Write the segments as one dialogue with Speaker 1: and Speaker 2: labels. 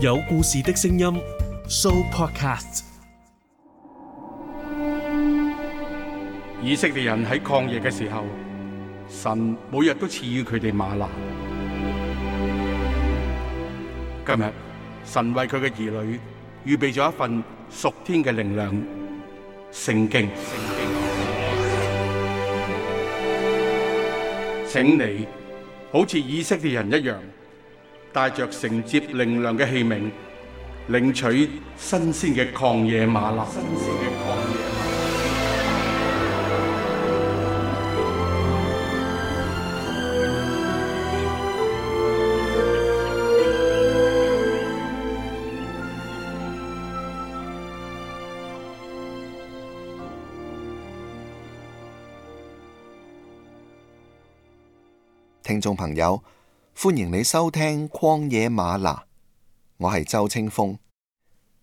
Speaker 1: 有故事的聲音，So Podcast。以色列人喺曠野嘅時候，神每日都賜予佢哋嗎哪。今日神為佢嘅兒女預備咗一份屬天嘅靈糧，聖經。請你好似以色列人一樣。帶着承接靈糧嘅器皿，領取新鮮嘅曠野嗎哪。新鮮嘅曠野嗎哪。聽眾朋友，歡迎你收聽曠野嗎哪，我係周清風。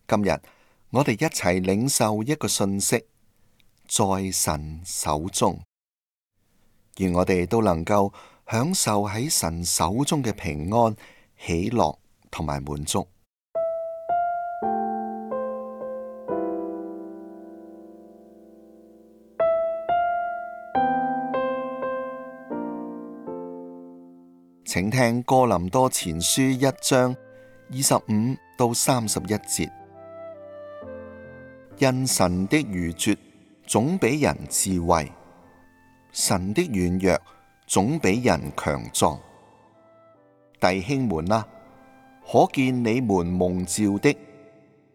Speaker 1: 今日我哋一齊領受一個訊息，在神手中，願我哋都能夠享受喺神手中嘅平安、喜樂同埋滿足。請聽哥林多前書一章二十五到三十一節。因神的愚拙總比人智慧，神的軟弱總比人強壯。弟兄們啊，可見你們蒙召的，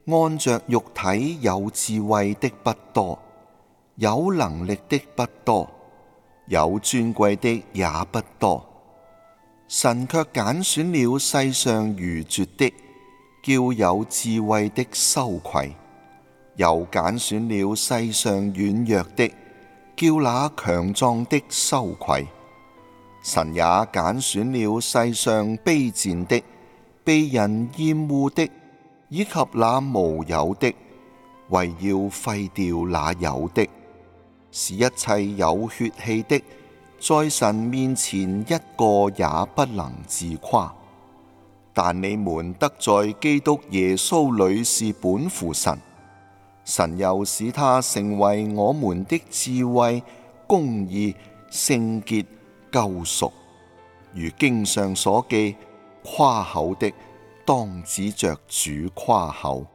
Speaker 1: 按着肉體有智慧的不多，有能力的不多，有尊貴的也不多。神卻揀選了世上愚拙的，叫有智慧的羞愧；又揀選了世上軟弱的，叫那強壯的羞愧。神也揀選了世上卑賤的、被人厭惡的，以及那無有的，為要廢掉那有的，使一切有血氣的。在神面前一個也不能自誇，但你們得在基督耶穌裏是本乎神，神又使他成為我們的智慧、公義、聖潔、救贖。如經上所記，誇口的當指着主誇口。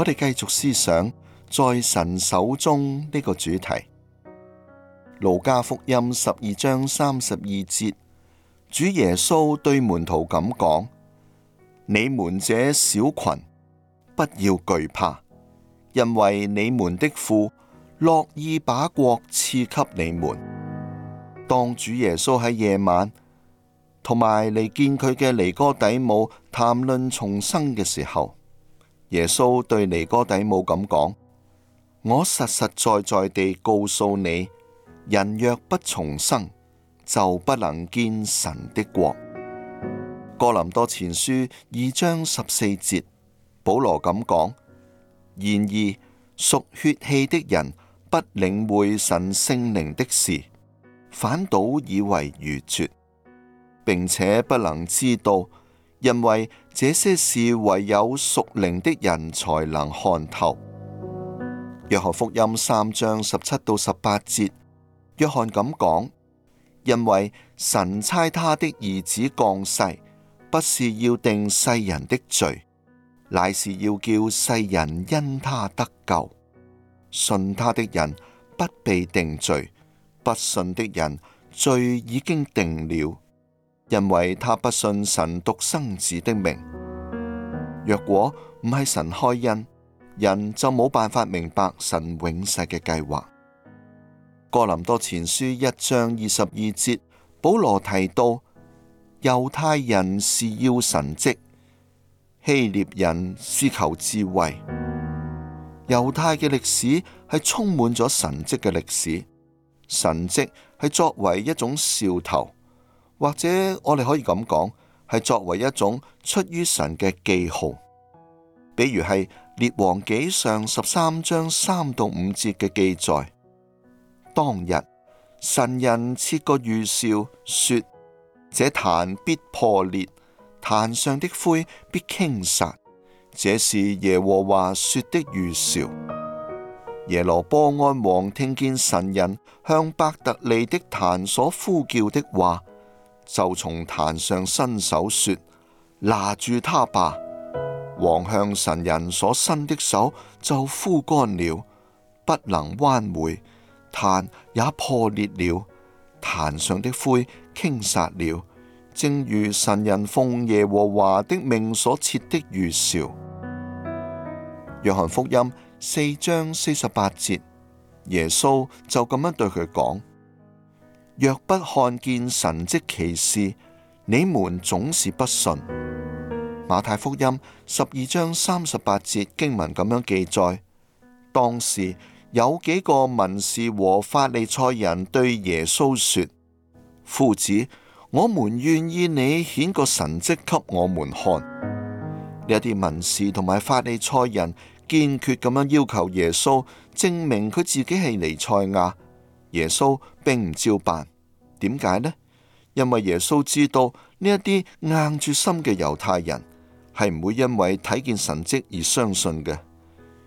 Speaker 1: 我哋繼續思想在神手中呢個主題。路加福音十二章三十二節，主耶穌對門徒咁講：你們這小群，不要懼怕，因為你們的父樂意把國賜給你們。當主耶穌喺夜晚同埋嚟見佢嘅尼哥底母談論重生嘅時候。耶穌對尼哥底母咁講，我實實在在地告訴你，人若不重生，就不能見神的國。哥林多前書二章十四節，保羅咁講，然而屬血氣的人不領會神聖靈的事，反倒以為愚拙，並且不能知道，因為。這些事唯有屬靈的人才能看透。約翰福音三章十七到十八節，約翰咁講，因為神差他的兒子降世，不是要定世人的罪，乃是要叫世人因他得救。信他的人不被定罪，不信的人罪已經定了。因為他不信神獨生子的名。若果唔係神開恩，人就冇辦法明白神永世嘅計劃。哥林多前書一章二十二節，保羅提到猶太人是要神蹟，希臘人是求智慧。猶太嘅歷史係充滿咗神蹟嘅歷史，神蹟係作為一種兆頭。或者我哋可以咁講，係作為一種出於神嘅記號，比如係列王紀上十三章三到五節嘅記載。當日神人設個預兆，說：這壇必破裂，壇上的灰必傾撒，這是耶和華說的預兆。耶羅波安王聽見神人向伯特利的壇所呼叫的話。就從壇上伸手說：拿住他吧！王向神人所伸的手就枯乾了，不能彎回；壇也破裂了，壇上的灰傾撒了，正如神人奉耶和華的命所設的預兆。約翰福音四章四十八節，耶穌就咁樣對佢講。若不看見神蹟奇事，你們總是不信。馬太福音十二章三十八節經文咁樣記載：當時有幾個文士和法利賽人對耶穌說，夫子，我們願意你顯個神蹟給我們看。呢一啲文士同埋法利賽人堅決咁樣要求耶穌證明佢自己係彌賽亞。耶穌並唔照辦，點解呢？因為耶穌知道呢一啲硬住心嘅猶太人係唔會因為睇見神蹟而相信嘅，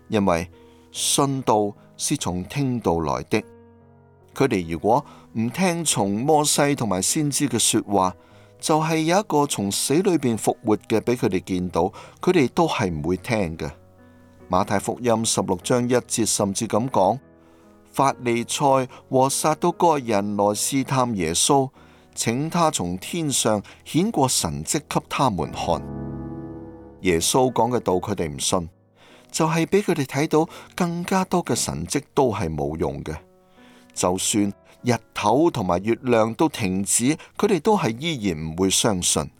Speaker 1: 因為信道是從聽道來的。佢哋如果唔聽從摩西同埋先知嘅說話，就係有一個從死裏邊復活嘅俾佢哋見到，佢哋都係唔會聽嘅。馬太福音十六章一節甚至咁講。法利賽和撒都該人來試探耶穌，請他從天上顯過神蹟給他們看。耶穌講嘅道，佢哋唔信，就係俾佢哋睇到更加多嘅神蹟都係冇用嘅。就算日頭同埋月亮都停止，佢哋都係依然唔會相信，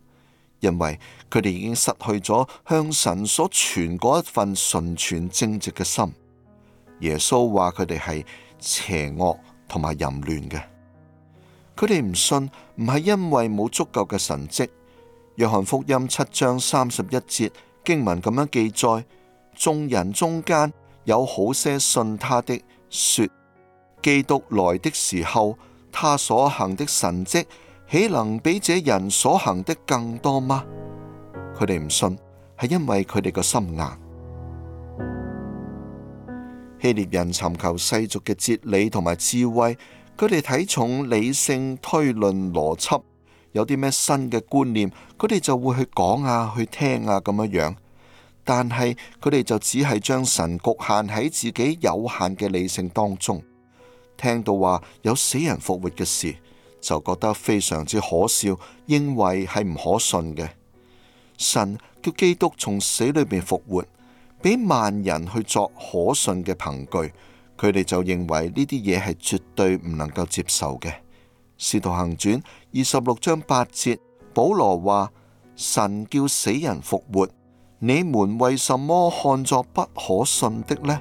Speaker 1: 因為佢哋已經失去咗向神所傳嗰一份純全正直嘅心。耶穌話佢哋係。邪惡同埋淫亂嘅，佢哋唔信，唔係因為冇足夠嘅神蹟。約翰福音七章三十一節經文咁樣記載：眾人中間有好些信他的，說：基督來的時候，他所行的神蹟，豈能比這人所行的更多嗎？佢哋唔信，係因為佢哋個心硬。希臘人尋求世俗嘅哲理同埋智慧，佢哋睇重理性推論、邏輯，有啲咩新嘅觀念，佢哋就會去講啊，去聽啊咁樣樣。但係佢哋就只係將神局限喺自己有限嘅理性當中，聽到話有死人復活嘅事，就覺得非常之可笑，因為係唔可信嘅。神叫基督從死裏邊復活。俾萬人去作可信嘅憑據，佢哋就認為呢啲嘢係絕對唔能夠接受嘅。使徒行傳二十六章八節，保羅話：神叫死人復活，你們為什麼看作不可信的呢？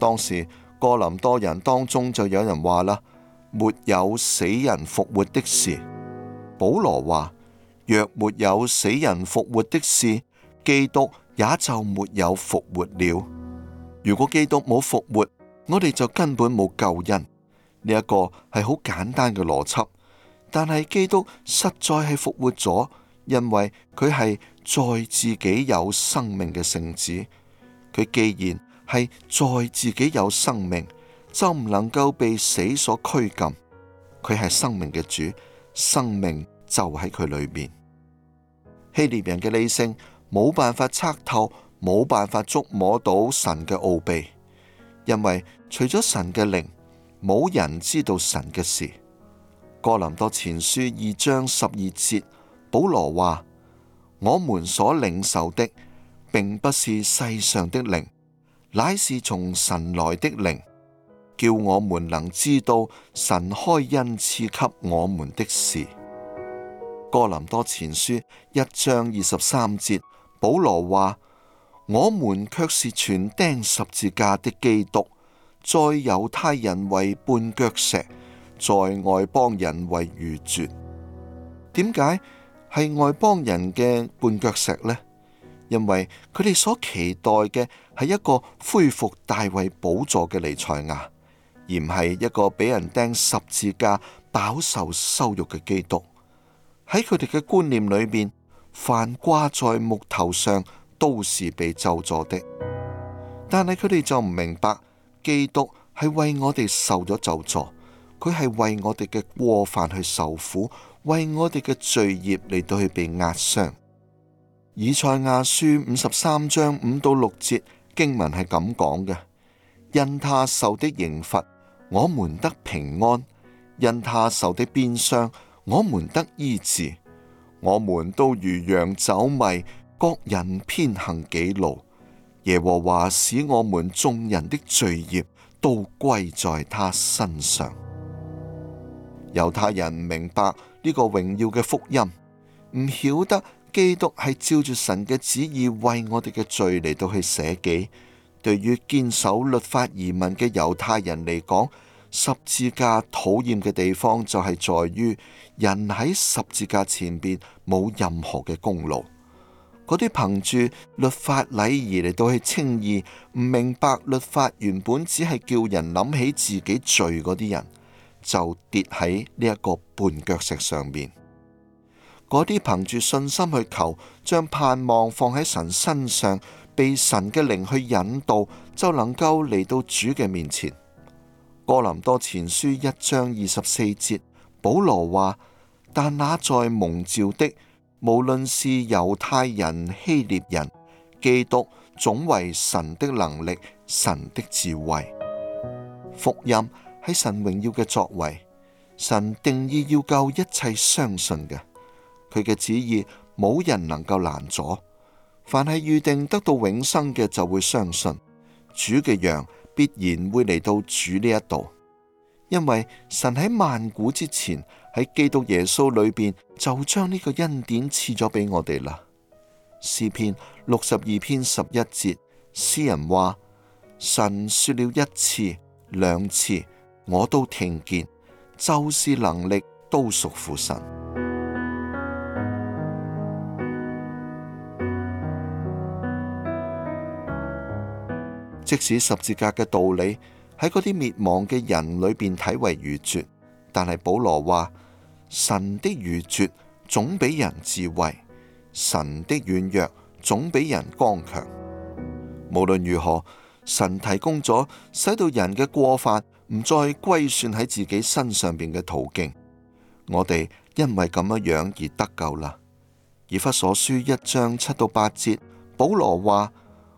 Speaker 1: 當時哥林多人當中就有人話啦：沒有死人復活的事。保羅話：若沒有死人復活的事，基督。也就沒有復活了。如果基督冇復活，我哋就根本冇救恩。呢一個係好簡單嘅邏輯。但係基督實在係復活咗，因為佢係在自己有生命嘅聖子。佢既然係在自己有生命，就唔能夠被死所拘禁。佢係生命嘅主，生命就喺佢裏面。希臘人嘅理性，冇辦法測透，冇辦法捉摸到神嘅奧秘，因為除咗神嘅靈，冇人知道神嘅事。哥林多前書二章十二節，保羅話：我們所領受的，並不是世上的靈，乃是從神來的靈，叫我們能知道神開恩賜給我們的事。哥林多前書一章二十三節。保羅話：我們卻是傳釘十字架的基督，在猶太人為絆腳石，在外邦人為愚拙。點解係外邦人嘅絆腳石呢？因為佢哋所期待嘅係一個恢復大衛寶座嘅彌賽亞，而唔係一個俾人釘十字架飽受羞辱嘅基督。喺佢哋嘅觀念裏邊。凡掛在木頭上都是被咒詛的，但係佢哋就唔明白基督係為我哋受咗咒詛，佢係為我哋嘅過犯去受苦，為我哋嘅罪孽嚟到去被壓傷。以賽亞書五十三章五到六節經文係咁講嘅：因他受的刑罰，我們得平安；因他受的鞭傷，我們得醫治。我們都如羊走迷，各人偏行己路。耶和華使我們眾人的罪孽都歸在他身上。猶太人明白呢個榮耀嘅福音，唔曉得基督係照住神嘅旨意為我哋嘅罪嚟到去捨己。對於堅守律法移民嘅猶太人嚟講，十字架討厭嘅地方就係在於人喺十字架前面冇任何嘅功勞，嗰啲憑住律法禮儀嚟到去稱義，唔明白律法原本只係叫人諗起自己罪嗰啲人，就跌喺呢一個絆腳石上面。嗰啲憑住信心去求，將盼望放喺神身上，被神嘅靈去引導，就能夠嚟到主嘅面前。哥林多前書一章二十四節，保羅話：但那在蒙召的，無論是猶太人、希臘人，基督總為神的能力、神的智慧。福音係神榮耀嘅作為，神定義要救一切相信嘅，佢嘅旨意冇人能夠攔阻。凡係預定得到永生嘅，就會相信主嘅羊，必然會嚟到主呢一度，因為神喺萬古之前喺基督耶穌裏邊就將呢個恩典賜咗俾我哋啦。詩篇六十二篇十一節，詩人話：神說了一次、兩次，我都聽見，就是能力都屬乎神。即使十字架嘅道理喺嗰啲滅亡嘅人裏邊睇為愚拙，但係保羅話，神的愚拙總比人智慧，神的軟弱總比人剛強。無論如何，神提供咗使到人嘅過犯唔再歸算喺自己身上邊嘅途徑，我哋因為咁樣樣而得救啦。以弗所書一章七到八節，保羅話。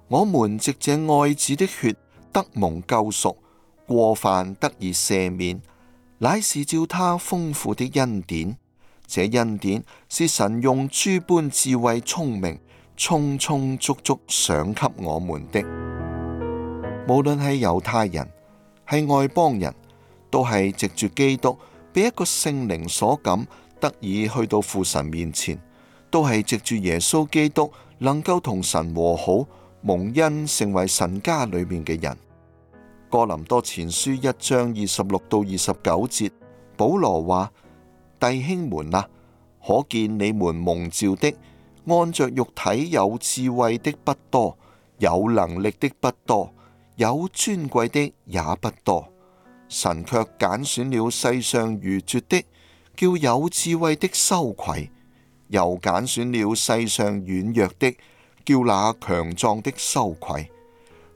Speaker 1: 我們藉這愛子的血得蒙救贖，過犯得以赦免，乃是照他豐富的恩典。這恩典是神用諸般智慧、聰明，充充足足賞給我們的。無論係猶太人，係外邦人，都係藉住基督被一個聖靈所感，得以去到父神面前，都係藉住耶穌基督能夠同神和好。蒙恩成為神家裏面嘅人。哥林多前書一章二十六到二十九節，保羅話：弟兄們啊，可見你們蒙召的，按着肉體有智慧的不多，有能力的不多，有尊貴的也不多。神卻揀選了世上愚拙的，叫有智慧的羞愧；又揀選了世上軟弱的。叫那強壯的羞愧，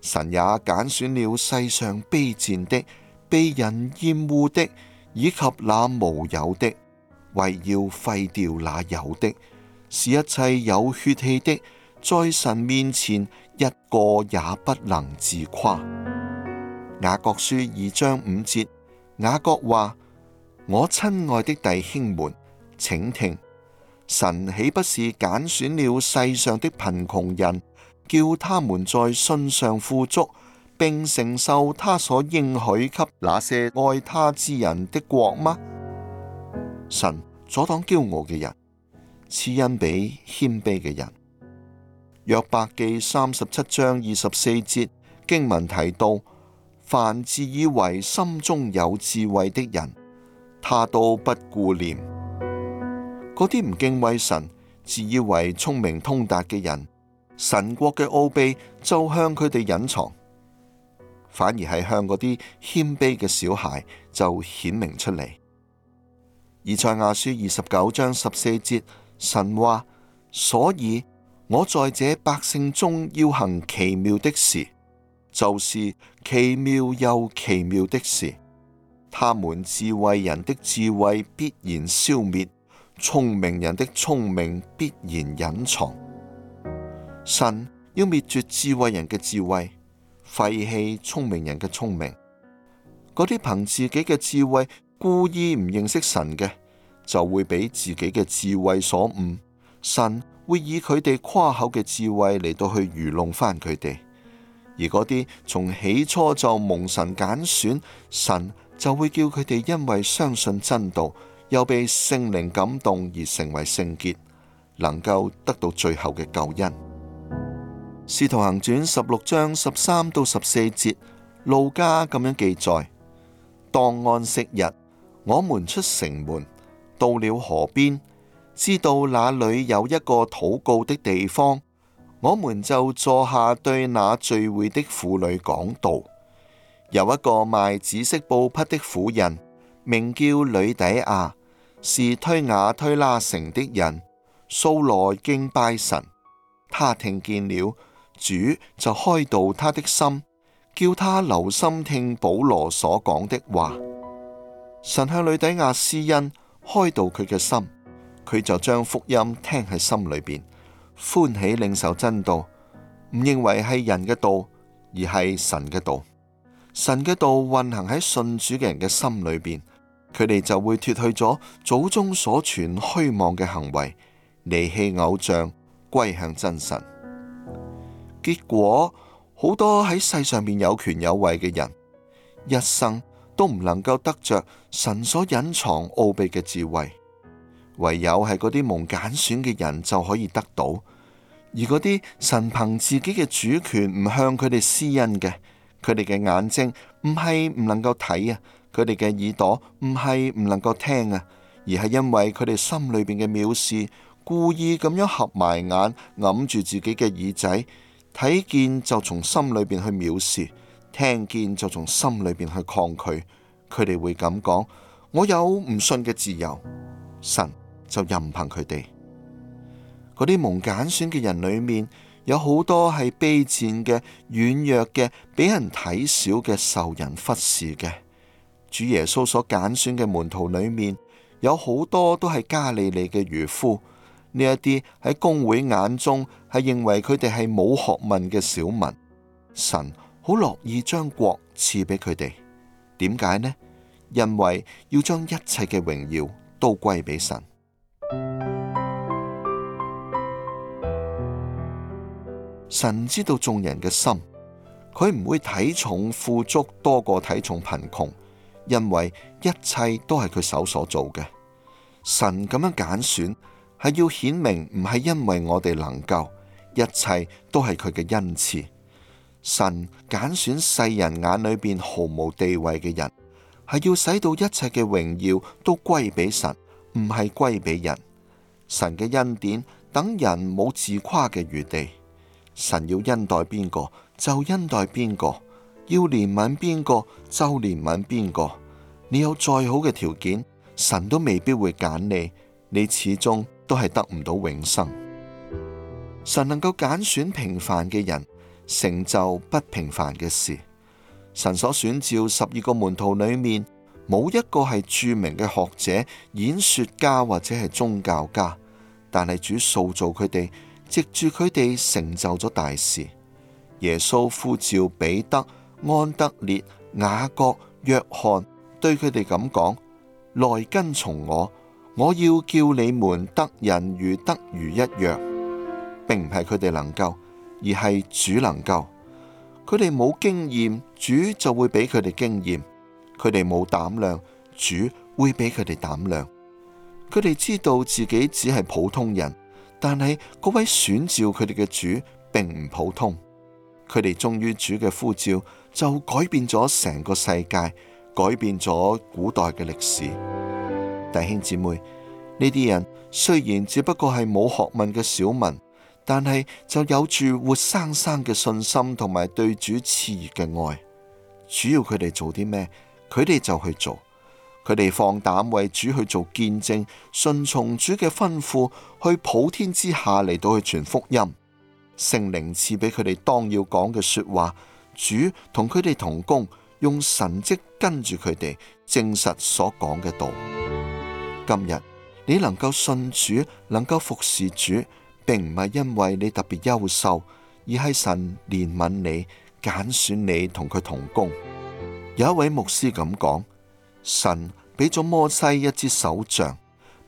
Speaker 1: 神也揀選了世上卑賤的、被人厭惡的，以及那無有的，為要廢掉那有的。使一切有血氣的，在神面前一個也不能自誇。雅各書二章五節，雅各話：我親愛的弟兄們，請聽。神豈不是揀選了世上的貧窮人，叫他們在信上富足，並承受他所應許給那些愛他之人的國嗎？神阻擋驕傲嘅人，賜恩俾謙卑嘅人。約伯記三十七章二十四節經文提到，凡自以為心中有智慧的人，他都不顧念。嗰啲唔敬畏神、自以為聰明通達嘅人，神國嘅奧秘就向佢哋隱藏，反而係向嗰啲謙卑嘅小孩就顯明出嚟。以賽亞書二十九章十四節，神話，所以我在這百姓中要行奇妙的事，就是奇妙又奇妙的事。他們智慧人的智慧必然消滅。聰明人的聰明必然隱藏，神要滅絕智慧人嘅智慧，廢棄聰明人嘅聰明。嗰啲憑自己嘅智慧故意唔認識神嘅，就會俾自己嘅智慧所誤。神會以佢哋誇口嘅智慧嚟到去愚弄翻佢哋。而嗰啲從起初就蒙神揀選，神就會叫佢哋因為相信真道。又被聖靈感動而成為聖潔，能夠得到最後嘅救恩。使徒行傳十六章十三到十四節，路加咁樣記載：當安息日，我們出城門，到了河邊，知道那裏有一個禱告的地方，我們就坐下，對那聚會的婦女講道。有一個賣紫色布匹的婦人，名叫呂底亞。是推雅推拉城的人，素來敬拜神。他聽見了主，就開導他的心，叫他留心聽保羅所講的話。神向呂底亞施恩，開導佢嘅心，佢就將福音聽喺心裏邊，歡喜領受真道，唔認為係人嘅道，而係神嘅道。神嘅道運行喺信主嘅人嘅心裏邊。佢哋就會脫去咗祖宗所傳虛妄嘅行為，離棄偶像，歸向真神。結果好多喺世上面有權有位嘅人，一生都唔能夠得着神所隱藏奧秘嘅智慧，唯有係嗰啲蒙揀選嘅人就可以得到。而嗰啲神憑自己嘅主權唔向佢哋施恩嘅，佢哋嘅眼睛唔係唔能夠睇啊。佢哋嘅耳朵唔係唔能夠聽啊，而係因為佢哋心裏邊嘅藐視，故意咁樣合埋眼，揞住自己嘅耳仔，睇見就從心裏邊去藐視，聽見就從心裏邊去抗拒。佢哋會咁講：我有唔信嘅自由，神就任憑佢哋。嗰啲蒙揀選嘅人裏面有好多係卑賤嘅、軟弱嘅、俾人睇小嘅、受人忽視嘅。主耶穌所揀選嘅門徒裏面，有好多都係加利利嘅漁夫，呢一啲喺公會眼中係認為佢哋係冇學問嘅小民，神好樂意將國賜俾佢哋。點解呢？因為要將一切嘅榮耀都歸俾神。神知道眾人嘅心，佢唔會睇重富足多過睇重貧窮。因為一切都係佢手所做嘅，神咁樣揀選係要顯明唔係因為我哋能夠，一切都係佢嘅恩賜。神揀選世人眼裏邊毫無地位嘅人，係要使到一切嘅榮耀都歸俾神，唔係歸俾人。神嘅恩典等人冇自誇嘅餘地，神要恩待邊個就恩待邊個，要憐憫邊個就憐憫邊個。你有再好嘅條件，神都未必會揀你，你始終都係得唔到永生。神能夠揀選平凡嘅人，成就不平凡嘅事。神所選召十二個門徒裏面，冇一個係著名嘅學者、演說家或者係宗教家，但係主塑造佢哋，藉住佢哋成就咗大事。耶穌呼召彼得、安德烈、雅各、約翰。對佢哋咁講，來跟從我，我要叫你們得人如得魚一樣，並唔係佢哋能夠，而係主能夠。佢哋冇經驗，主就會俾佢哋經驗；佢哋冇膽量，主會俾佢哋膽量。佢哋知道自己只係普通人，但係嗰位選召佢哋嘅主並唔普通。佢哋忠於主嘅呼召就改變咗成個世界。改變咗古代嘅歷史，弟兄姊妹，呢啲人雖然只不過係冇學問嘅小民，但係就有住活生生嘅信心同埋對主熾熱嘅愛。主要佢哋做啲咩？佢哋就去做，佢哋放膽為主去做見證，順從主嘅吩咐去普天之下嚟到去傳福音。聖靈賜俾佢哋當要講嘅說話，主同佢哋同工。用神跡跟住佢哋證實所講嘅道。今日你能夠信主，能夠服侍主，並唔係因為你特別優秀，而係神憐憫你揀選你同佢同工。有一位牧師咁講：神俾咗摩西一支手杖，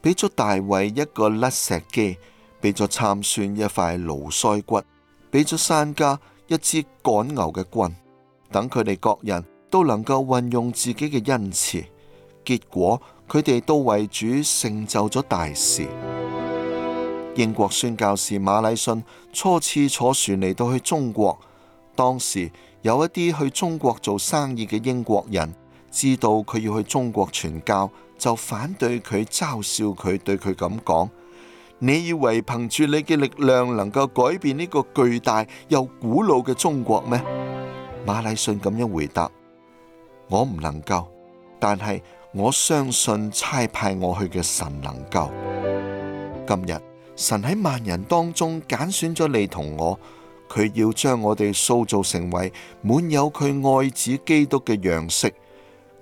Speaker 1: 俾咗大衛一個甩石機，俾咗參孫一塊驢腮骨，俾咗珊迦一支趕牛嘅棍，等佢哋各人。都能夠運用自己嘅恩賜，結果佢哋都為主成就咗大事。英國宣教士馬禮遜初次坐船嚟到去中國，當時有一啲去中國做生意嘅英國人知道佢要去中國傳教，就反對佢嘲笑佢，對佢咁講：你以為憑住你嘅力量能夠改變呢個巨大又古老嘅中國咩？馬禮遜咁樣回答。我唔能夠，但係我相信差派我去嘅神能夠。今日神喺萬人當中揀選咗你同我，佢要將我哋塑造成為滿有佢愛子基督嘅樣式。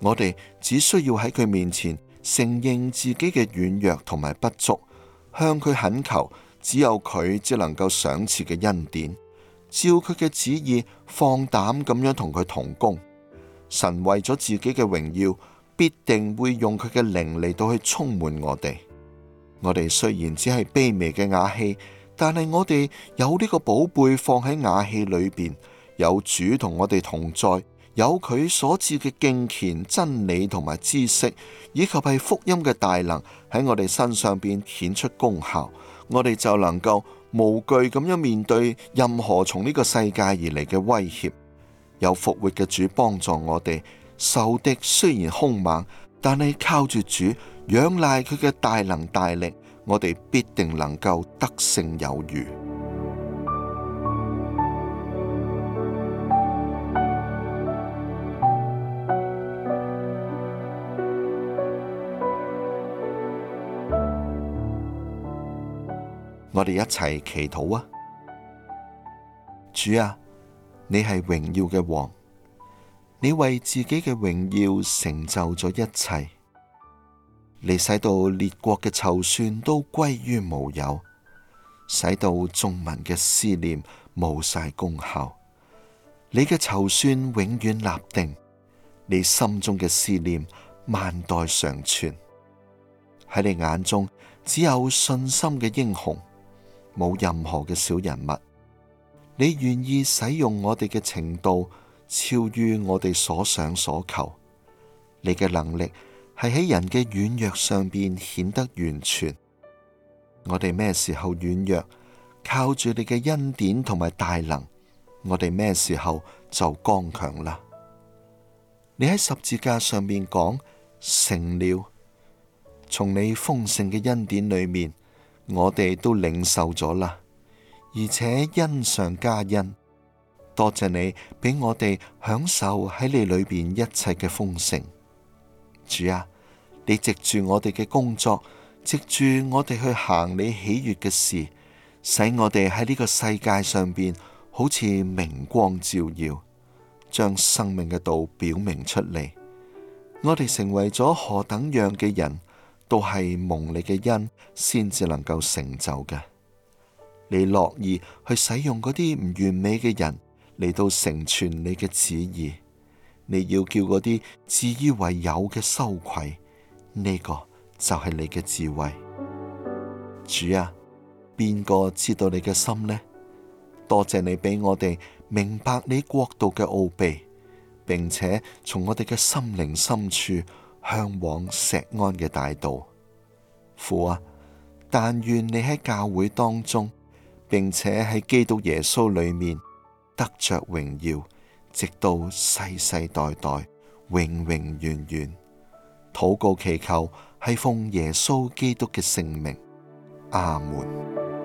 Speaker 1: 我哋只需要喺佢面前承認自己嘅軟弱同埋不足，向佢懇求只有佢才能夠賞賜嘅恩典，照佢嘅旨意放膽咁樣同佢同工。神為咗自己嘅榮耀，必定會用佢嘅靈嚟到去充滿我哋。我哋雖然只係卑微嘅瓦器，但係我哋有呢個寶貝放喺瓦器裏邊，有主同我哋同在，有佢所賜嘅敬虔真理同埋知識，以及係福音嘅大能喺我哋身上邊顯出功效，我哋就能夠無懼咁樣面對任何從呢個世界而嚟嘅威脅。有復活嘅主幫助我哋，仇敵雖然兇猛，但係靠住主仰賴佢嘅大能大力，我哋必定能夠得勝有餘。我哋一齊祈禱啊！主啊！你係榮耀嘅王，你為自己嘅榮耀成就咗一切，你使到列國嘅籌算都歸於無有，使到眾民嘅思念冇晒功效。你嘅籌算永遠立定，你心中嘅思念萬代常存。喺你眼中只有信心嘅英雄，冇任何嘅小人物。你願意使用我哋嘅程度，超於我哋所想所求。你嘅能力係喺人嘅軟弱上邊顯得完全。我哋咩時候軟弱，靠住你嘅恩典同埋大能，我哋咩時候就剛強啦。你喺十字架上面講成了，從你豐盛嘅恩典裏面，我哋都領受咗啦。而且恩上加恩，多謝你俾我哋享受喺你裏邊一切嘅豐盛。主啊，你藉住我哋嘅工作，藉住我哋去行你喜悦嘅事，使我哋喺呢個世界上邊好似明光照耀，將生命嘅道表明出嚟。我哋成為咗何等樣嘅人，都係蒙你嘅恩先至能夠成就嘅。你樂意去使用嗰啲唔完美嘅人嚟到成全你嘅旨意，你要叫嗰啲自以為有嘅羞愧，呢個就係你嘅智慧。主啊，邊個知道你嘅心呢？多謝你俾我哋明白你國度嘅奧秘，並且從我哋嘅心靈深處向往錫安嘅大道。父啊，但願你喺教會當中，並且喺基督耶穌裏面得着榮耀，直到世世代代，永永遠遠。禱告祈求，係奉耶穌基督嘅聖名。阿門。